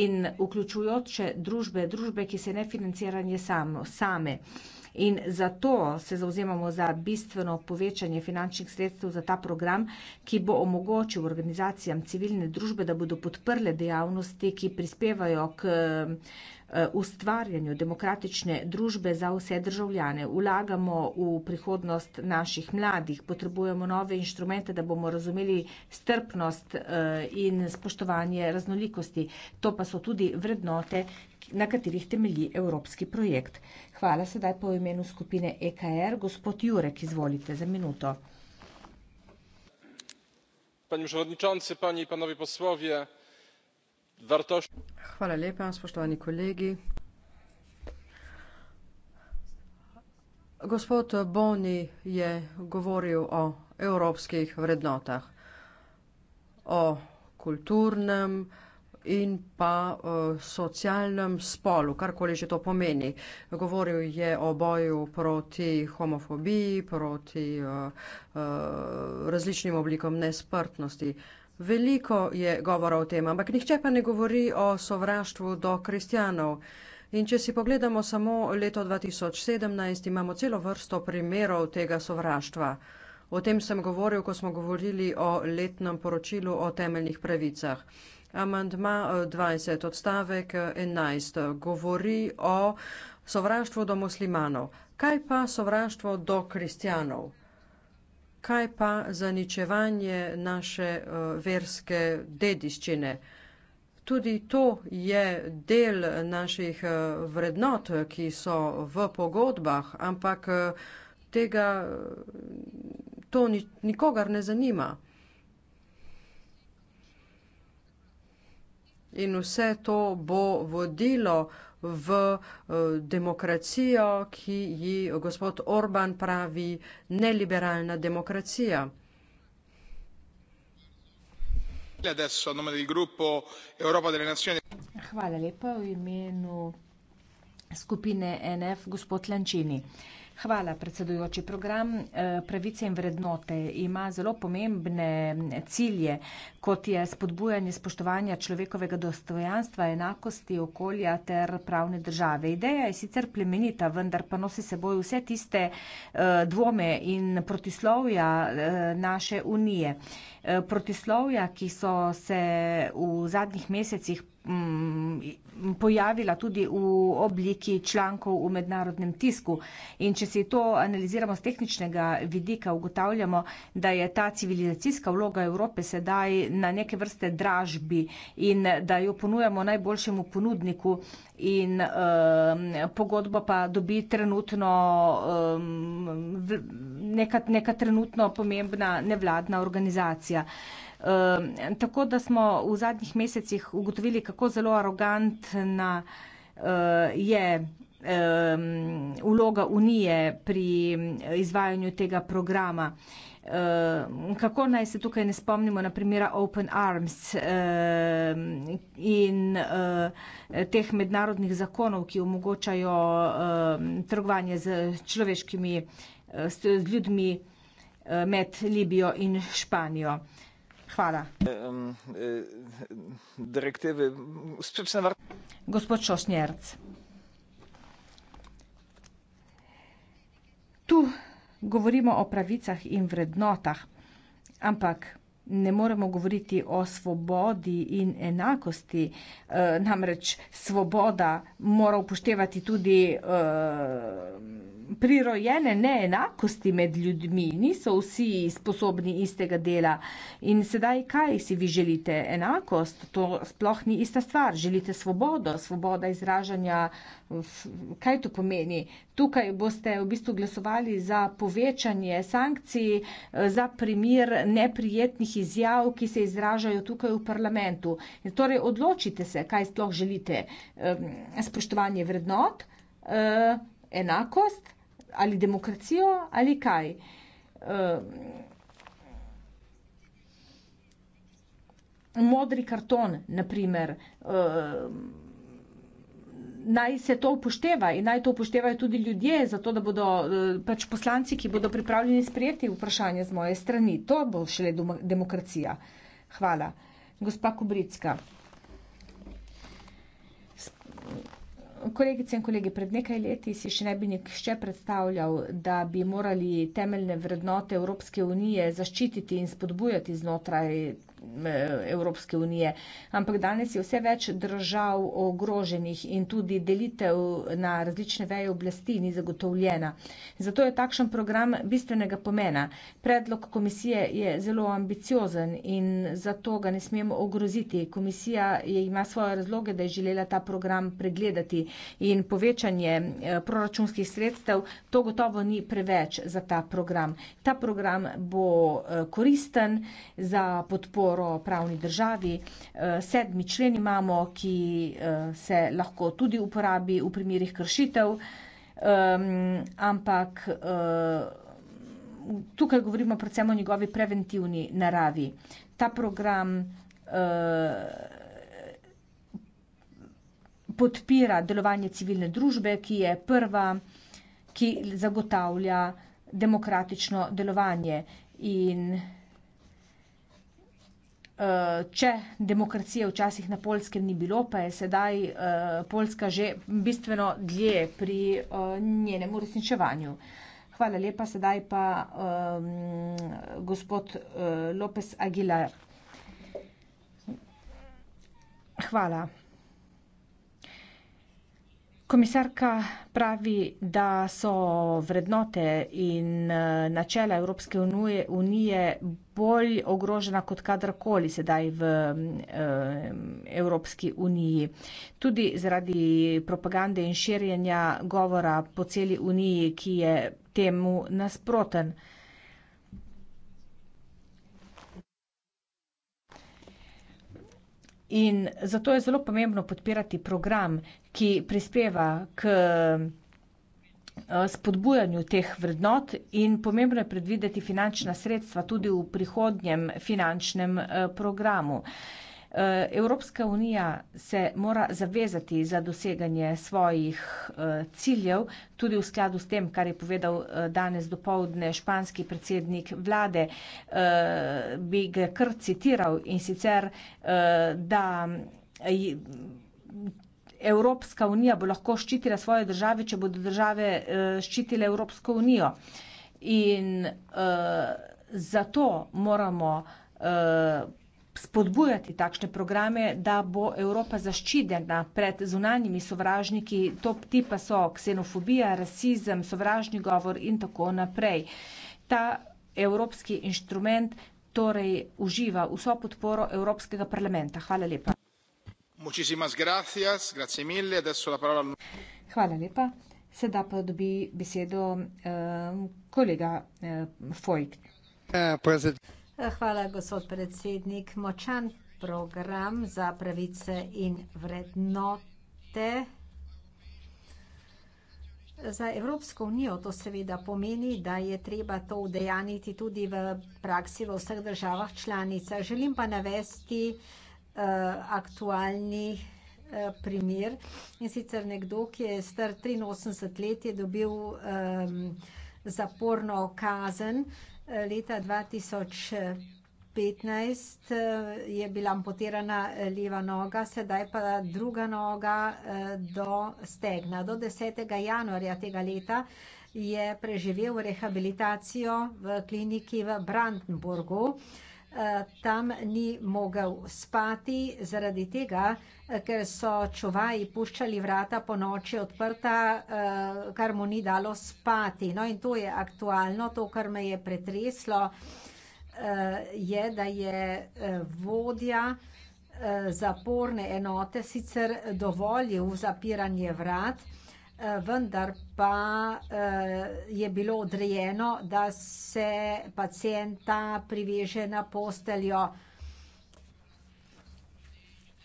in vključujoče družbe, družbe, ki se ne financirajo same in zato se zauzemamo za bistveno povečanje finančnih sredstev za ta program, ki bo omogočil organizacijam civilne družbe, da bodo podprle dejavnosti, ki prispevajo k Eh, ustvarjanju demokratične družbe za vse državljane. Vlagamo v prihodnost naših mladih, potrebujemo nove inštrumente, da bomo razumeli strpnost eh, in spoštovanje raznolikosti. To pa so tudi vrednote, na katerih temelji evropski projekt. Hvala sedaj po imenu skupine EKR. Gospod Jurek, izvolite za minuto. Panie przewodniczący, panie i panowie posłowie, wartości. Hvala lepa, spoštovani kolegi. Gospod Boni je govoril o evropskih vrednotah, o kulturnem in pa socialnem spolu, karkoli že to pomeni. Govoril je o boju proti homofobiji, proti različnim oblikam nestrpnosti. Veliko je govora o tem, ampak nihče pa ne govori o sovraštvu do kristjanov. In če si pogledamo samo leto 2017, imamo celo vrsto primerov tega sovraštva. O tem sem govoril, ko smo govorili o letnem poročilu o temeljnih pravicah. Amandma 20, eh, odstavek 11, eh, eh, govori o sovraštvu do muslimanov. Kaj pa sovraštvo do kristjanov? kaj pa zaničevanje naše eh, verske dediščine. Tudi to je del naših eh, vrednot, ki so v pogodbah, ampak eh, tega to ni, nikogar ne zanima. In vse to bo vodilo v eh, demokracijo, ki ji gospod Orban pravi neliberalna demokracija. Hvala lepa v imenu skupine NF, gospod Lančini. Hvala, predsedujoči program. Eh, pravice in vrednote ima zelo pomembne cilje, kot je spodbujanje spoštovanja človekovega dostojanstva, enakosti, okolja ter pravne države. Ideja je sicer plemenita, vendar pa nosi seboj vse tiste eh, dvome in protislovja eh, naše unije. Protislovja, ki so se v zadnjih mesecih Mm, pojavila tudi v obliki člankov v mednarodnem tisku. In če si to analiziramo z tehničnega vidika, ugotavljamo, da je ta civilizacijska vloga Evrope sedaj na neke vrste dražbi in da jo ponujamo najboljšemu ponudniku in um, pogodbo pa dobi trenutno um, neka, neka trenutno pomembna nevladna organizacija. Ehm, tako da smo v zadnjih mesecih ugotovili, kako zelo arogantna uh, je um, vloga Unije pri izvajanju tega programa. Ehm, kako naj se tukaj ne spomnimo na primera Open Arms in eh, teh mednarodnih zakonov, ki omogočajo trgovanje z človeškimi, eh, z ljudmi med Libijo in Španijo. E, tu govorimo o pravicah in vrednotah, ampak ne moremo govoriti o svobodi in enakosti, e, namreč svoboda mora upoštevati tudi, e, prirojene neenakosti med ljudmi, niso vsi sposobni istega dela. In sedaj, kaj si vi želite? Enakost? To sploh ni ista stvar. Želite svobodo, svoboda izražanja. Kaj to pomeni? Tukaj boste v bistvu glasovali za povečanje sankcij, eh, za primir neprijetnih izjav, ki se izražajo tukaj v parlamentu. Torej, odločite se, kaj sploh želite. Spoštovanje vrednot, eh, enakost ali demokracijo ali kaj. Uh, modri karton, naprimer, uh, ehm, naj se to upošteva in naj to upoštevajo tudi ljudje, zato da bodo uh, pač poslanci, ki bodo pripravljeni sprejeti vprašanje z moje strani. To bo šele demokracija. Hvala. Gospa Kubricka. Sp kolegice in kolegi, pred nekaj leti si še ne bi nikšče predstavljal, da bi morali temeljne vrednote Evropske unije zaščititi in spodbujati znotraj Evropske unije. Ampak danes je vse več držav ogroženih in tudi delitev na različne veje oblasti ni zagotovljena. Zato je takšen program bistvenega pomena. Predlog komisije je zelo ambiciozen in zato ga ne smemo ogroziti. Komisija je, ima svoje razloge, da je želela ta program pregledati in povečanje eh, proračunskih sredstev, to gotovo ni preveč za ta program. Ta program bo eh, koristen za podporo govor o pravni državi. Eh, sedmi člen imamo, ki eh, se lahko tudi uporabi v primerih kršitev, ampak eh, tukaj govorimo predvsem o njegovi preventivni naravi. Ta program podpira delovanje civilne družbe, ki je prva, ki zagotavlja demokratično delovanje. In Eh, če demokracije včasih na polskem ni bilo, pa je sedaj eh, Poljska že bistveno dlje pri eh, njenem uresničevanju. Hvala lepa, sedaj pa um, gospod uh, Lopes Aguilar. Hvala. Komisarka pravi, da so vrednote in eh, načela Evropske unije bolj ogrožena kot kadarkoli sedaj v eh, Evropski uniji. Tudi zaradi propagande in širjenja govora po celi uniji, ki je temu nasproten. In zato je zelo pomembno podpirati program, ki prispeva k eh, spodbujanju teh vrednot in pomembno je predvideti finančna sredstva tudi v prihodnjem finančnem eh, programu. Eh, Evropska unija se mora zavezati za doseganje svojih eh, ciljev, tudi v skladu s tem, kar je povedal eh, danes dopovdne španski predsednik vlade, bi ga kar citiral in sicer, da Evropska unija bo lahko ščitila svoje države, če bodo države ščitile Evropsko unijo. In zato moramo spodbujati takšne programe, da bo Evropa zaščidena pred zunanjimi sovražniki. To tipa so ksenofobija, rasizem, sovražni govor in tako naprej. Ta evropski inštrument torej uživa vso podporo Evropskega parlamenta. Hvala lepa. Hvala lepa. Sedaj pa dobi besedo eh, kolega eh, Fojk. Eh, Hvala, gospod predsednik. Močan program za pravice in vrednote. Za Evropsko unijo to seveda pomeni, da je treba to udejanjiti tudi v praksi v vseh državah članicah. Želim pa navesti eh, aktualni eh, primer, in sicer nekdo, ki je star triinosemdeset let, je dobil eh, zaporno kazen, leta 2015 eh, je bila amputirana eh, leva noga, sedaj pa druga noga eh, do stegna. Do 10. januarja tega leta je preživel rehabilitacijo v kliniki v Brandenburgu tam ni mogel spati zaradi tega, ker so čuvaji puščali vrata po noči odprta, eh, kar mu ni dalo spati. No, in to je aktualno, to, kar me je pretreslo, eh, je, da je eh, vodja zaporne enote sicer dovolil zapiranje vrat, Eh, vendar pa eh, je bilo odrejeno, da se pacienta priveže na posteljo.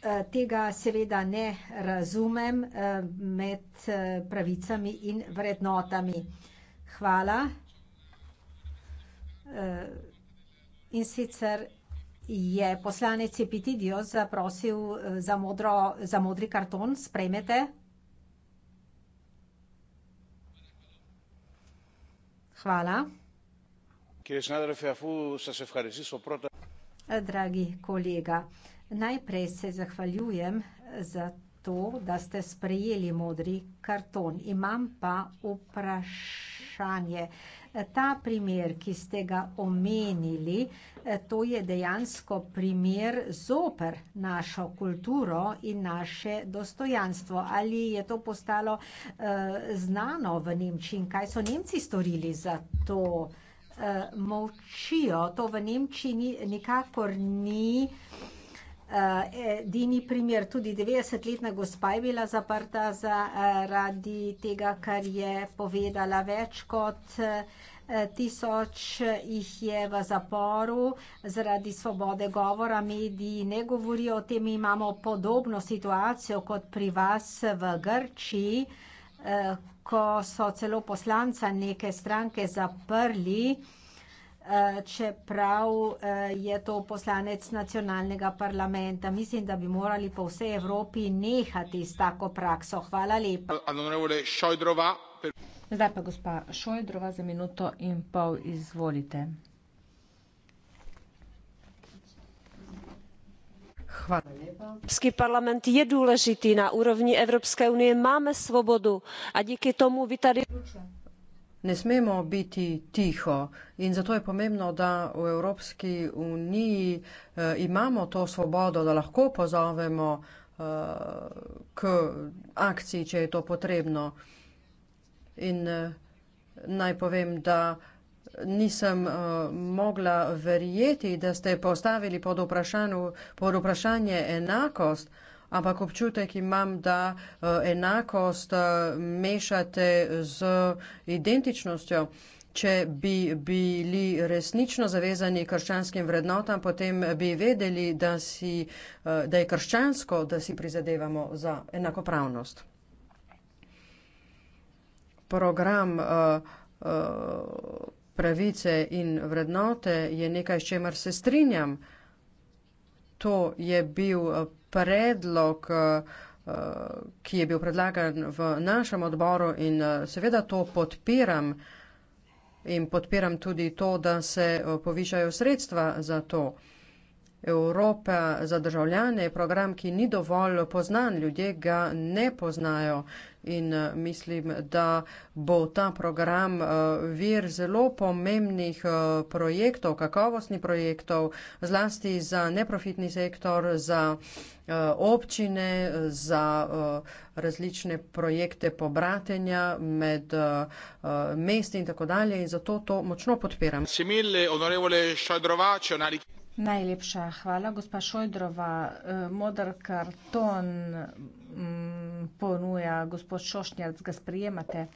Eh, tega seveda ne razumem med pravicami in vrednotami. Hvala. In sicer je poslanec Epitidio zaprosil za modro, za modri karton, sprejmete? Hvala. Eh, dragi kolega, najprej se zahvaljujem za to, da ste sprejeli modri karton. Imam pa vprašanje vprašanje. Ta primer, ki ste ga omenili, eh, to je dejansko primer zoper našo kulturo in naše dostojanstvo. Ali je to postalo uh, znano v Nemčiji in kaj so Nemci storili za to uh, molčijo? To v Nemčiji ni, nikakor ni. Uh, Eh, edini primer, tudi devetdesetletna gospa je bila zaprta zaradi tega, ker je povedala več kot eh, tisoč jih je v zaporu zaradi svobode govora, mediji ne govorijo o tem, mi imamo podobno situacijo kot pri vas v Grčiji, eh, ko so celo poslanca neke stranke zaprli. Eh, čeprav eh, je to poslanec nacionalnega parlamenta. Mislim, da bi morali po vsej Evropi nehati s tako prakso. Hvala lepa. Zdaj pa gospa Šojdrova za minuto in pol izvolite. Evropský parlament je důležitý na úrovni Evropské unie. Máme svobodu a díky tomu vy tady... Ruče ne smemo biti tiho in zato je pomembno, da v Evropski uniji eh, imamo to svobodo, da lahko pozovemo eh, k akciji, če je to potrebno. In eh, naj povem, da nisem eh, mogla verjeti, da ste postavili pod, pod vprašanje enakost. Eh, ampak občutek imam, da eh, enakost eh, mešate z identičnostjo. Če bi bili resnično zavezani krščanskim vrednotam, potem bi vedeli, da, si, eh, da je krščansko, da si prizadevamo za enakopravnost. Program pravice in vrednote je nekaj, s čemer se strinjam to je bil eh, predlog, eh, eh, ki je bil predlagan v našem odboru in seveda to podpiram in podpiram tudi to, da se povišajo sredstva za to. Evropa za državljane je program, ki ni dovolj poznan, ljudje ga ne poznajo in eh, mislim, da bo ta program eh, vir zelo pomembnih eh, projektov, kakovostnih projektov, zlasti za neprofitni sektor, za občine, za različne projekte pobratenja med mesti in tako dalje in zato to močno podpiram. Najlepša hvala, gospa Šojdrova. E, modr karton ponuja gospod Šošnjac, ga sprijemate?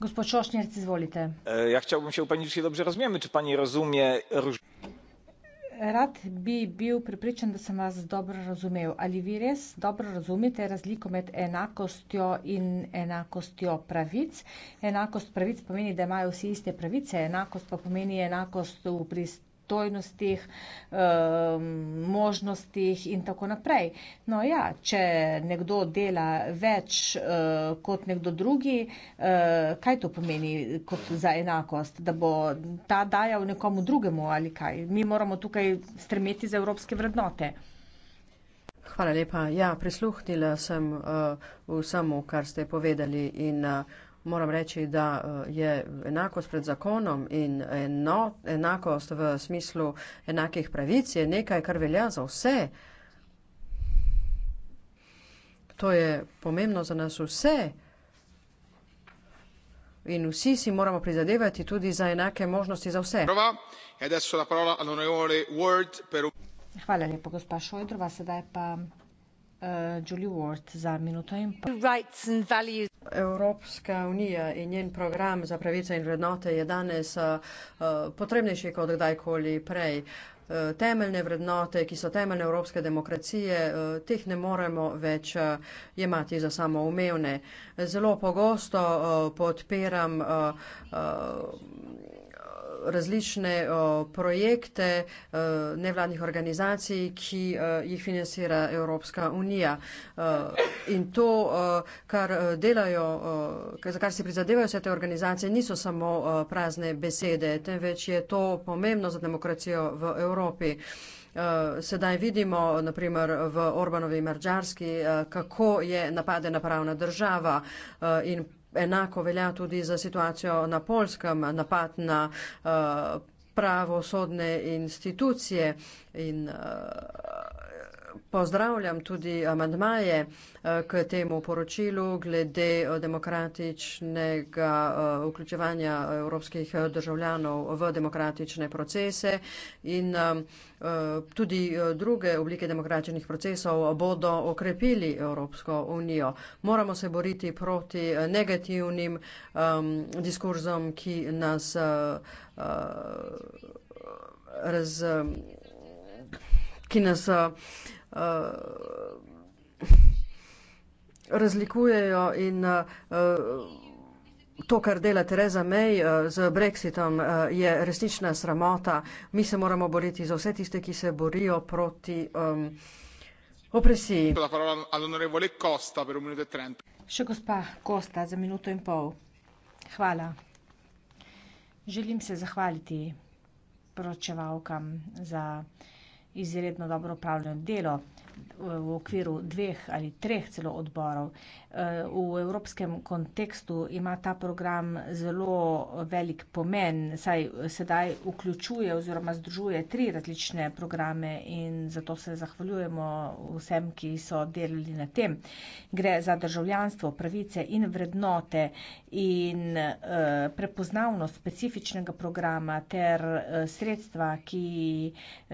Gospod Šošnjac, izvolite. E, ja, chciałbym się u pani dzisiaj dobrze rozumiemy. Czy pani rozumie różnicę? rad bi bil prepričan, da sem vas dobro razumel. Ali vi res dobro razumete razliko med enakostjo in enakostjo pravic? Enakost pravic pomeni, da imajo vsi iste pravice, enakost pa pomeni enakost v pristopu pristojnostih, ehm, možnostih in tako naprej. No ja, če nekdo dela več eh, kot nekdo drugi, eh, kaj to pomeni kot za enakost, da bo ta dajal nekomu drugemu ali kaj? Mi moramo tukaj stremeti za evropske vrednote. Hvala lepa. Ja, prisluhnila sem uh, vsemu, kar ste povedali in uh, moram reči, da eh, je enakost pred zakonom in eno, enakost v smislu enakih pravic je nekaj, kar velja za vse. To je pomembno za nas vse. In vsi si moramo prizadevati tudi za enake možnosti za vse. E Hvala lepa, gospa Šojdrova. Sedaj pa Eh, Julie Ward za minuto in pol. Evropska unija in njen program za pravice in vrednote je danes uh, potrebnejši kot kdajkoli prej. Uh, temeljne vrednote, ki so temeljne evropske demokracije, uh, teh ne moremo več uh, jemati za samoumevne. Zelo pogosto uh, podpiram. Uh, uh, različne o, projekte o, nevladnih organizacij, ki o, jih financira Evropska unija. O, in to, o, kar delajo, o, za kar si prizadevajo vse te organizacije, niso samo o, prazne besede, temveč je to pomembno za demokracijo v Evropi. Sedaj vidimo, naprimer v Orbanovi Mađarski, kako je napadena pravna država in enako velja tudi za situacijo na polskem, napad na uh, pravosodne institucije in uh, Pozdravljam tudi amandmaje eh, k temu poročilu glede eh, demokratičnega eh, vključevanja evropskih državljanov v demokratične procese in tudi druge oblike demokratičnih procesov bodo okrepili Evropsko unijo. Moramo se boriti proti negativnim diskurzom, ki nas raz ki nas uh, Eh, razlikujejo in eh, To, kar dela Tereza May eh, z brexitom, je resnična sramota. Mi se moramo boriti za vse tiste, ki se borijo proti um, opresiji. E Še gospa Kosta za minuto in pol. Hvala. Želim se zahvaliti poročevalkam za izredno dobro upravljeno delo v okviru dveh ali treh celo odborov. Eh, v evropskem kontekstu ima ta program zelo velik pomen, saj sedaj vključuje oziroma združuje tri različne programe in zato se zahvaljujemo vsem, ki so delali na tem. Gre za državljanstvo, pravice in vrednote in eh, prepoznavnost specifičnega programa ter eh, sredstva, ki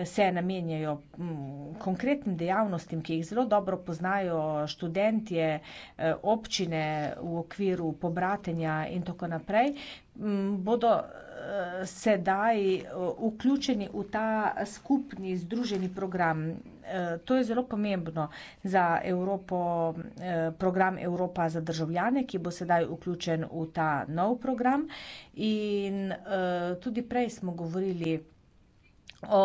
se namenjajo namenjajo mm, konkretnim dejavnostim, ki jih zelo dobro poznajo študentje, eh, občine v okviru pobratenja in tako naprej, mm, bodo eh, sedaj eh, vključeni v ta skupni združeni program. To je zelo pomembno za Evropo, program Evropa za državljane, ki bo sedaj vključen v ta nov program. In tudi prej smo govorili o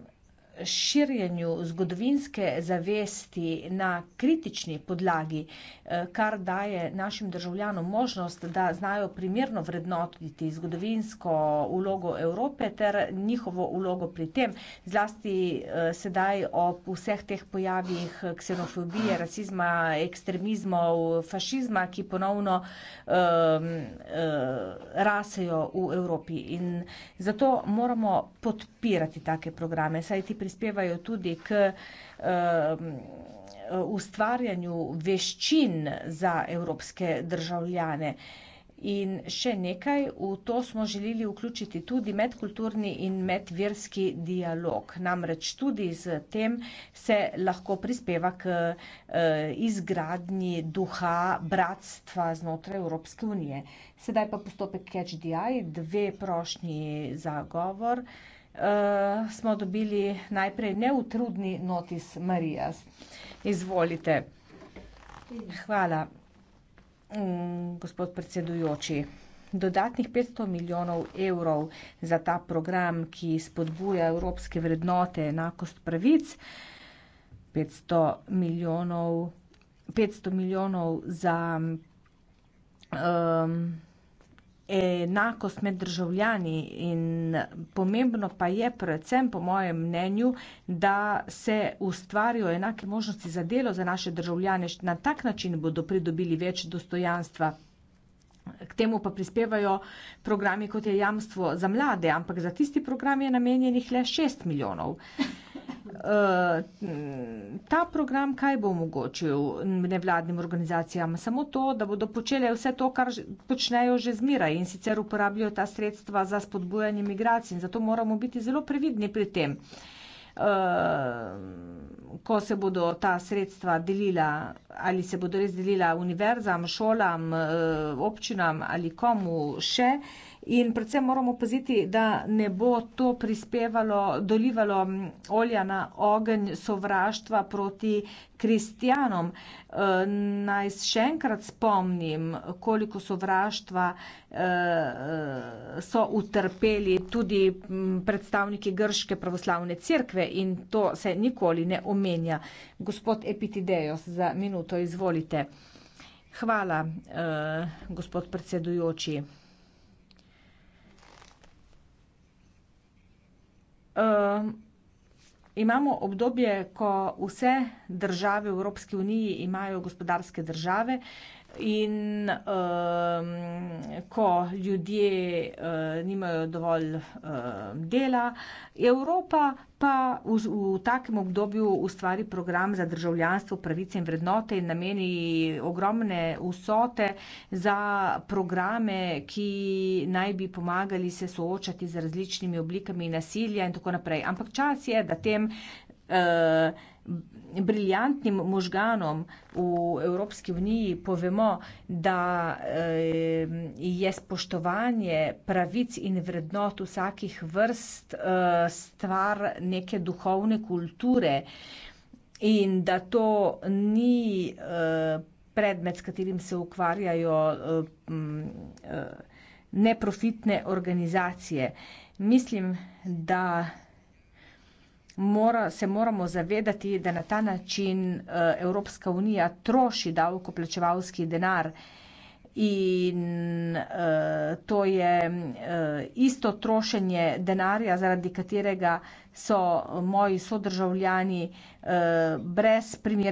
širjenju zgodovinske zavesti na kritični podlagi, eh, kar daje našim državljanom možnost, da znajo primerno vrednotiti zgodovinsko ulogo Evrope ter njihovo ulogo pri tem, zlasti eh, sedaj ob vseh teh pojavih eh, ksenofobije, rasizma, ekstremizmov, fašizma, ki ponovno um, uh, rasejo v Evropi. In zato moramo podpirati take programe, saj ti pri prispevajo tudi k ehm, ustvarjanju veščin za evropske državljane. In še nekaj, v to smo želeli vključiti tudi medkulturni in medverski dialog. Namreč tudi z tem se lahko prispeva k eh, izgradnji duha bratstva znotraj Evropske unije. Sedaj pa postopek catch the eye, dve prošnji za govor uh, smo dobili najprej neutrudni notis Marijas. Izvolite. Hvala, mm, gospod predsedujoči. Dodatnih 500 milijonov evrov za ta program, ki spodbuja evropske vrednote enakost pravic, 500 milijonov, 500 milijonov za um, enakost med državljani in pomembno pa je predvsem po mojem mnenju, da se ustvarijo enake možnosti za delo za naše državljane. Na tak način bodo pridobili več dostojanstva. K temu pa prispevajo programi, kot je jamstvo za mlade, ampak za tisti program je namenjenih le 6 milijonov. Eh, ta program kaj bo omogočil nevladnim organizacijam? Samo to, da bodo počele vse to, kar počnejo že zmira in sicer uporabljajo ta sredstva za spodbujanje migracij. Zato moramo biti zelo previdni pri tem, eh, ko se bodo ta sredstva delila ali se bodo res delila univerzam, šolam, eh, občinam ali komu še. Uh, In predvsem moramo paziti, da ne bo to prispevalo, dolivalo olja na ogenj sovraštva proti kristjanom. E, naj še enkrat spomnim, koliko sovraštva e, e, so utrpeli tudi predstavniki Grške pravoslavne cerkve in to se nikoli ne omenja. Gospod Epitidejos, za minuto izvolite. Hvala, gospod predsedujoči. Um, imamo obdobje, ko vse države v Evropski uniji imajo gospodarske države, uh, In um, ko ljudje uh, nimajo dovolj uh, dela, Evropa pa v, v takem obdobju ustvari program za državljanstvo, pravice in vrednote in nameni ogromne vsote za programe, ki naj bi pomagali se soočati z različnimi oblikami nasilja in tako naprej. Ampak čas je, da tem. Uh, briljantnim možganom v Evropski uniji povemo, da eh, je spoštovanje pravic in vrednot vsakih vrst eh, stvar neke duhovne kulture in da to ni eh, predmet, s katerim se ukvarjajo neprofitne organizacije. Mislim, da mora, se moramo zavedati, da na ta način eh, Evropska unija troši davkoplačevalski denar. In uh, to je uh, isto trošenje denarja, zaradi katerega so moji sodržavljani uh, brez primernega.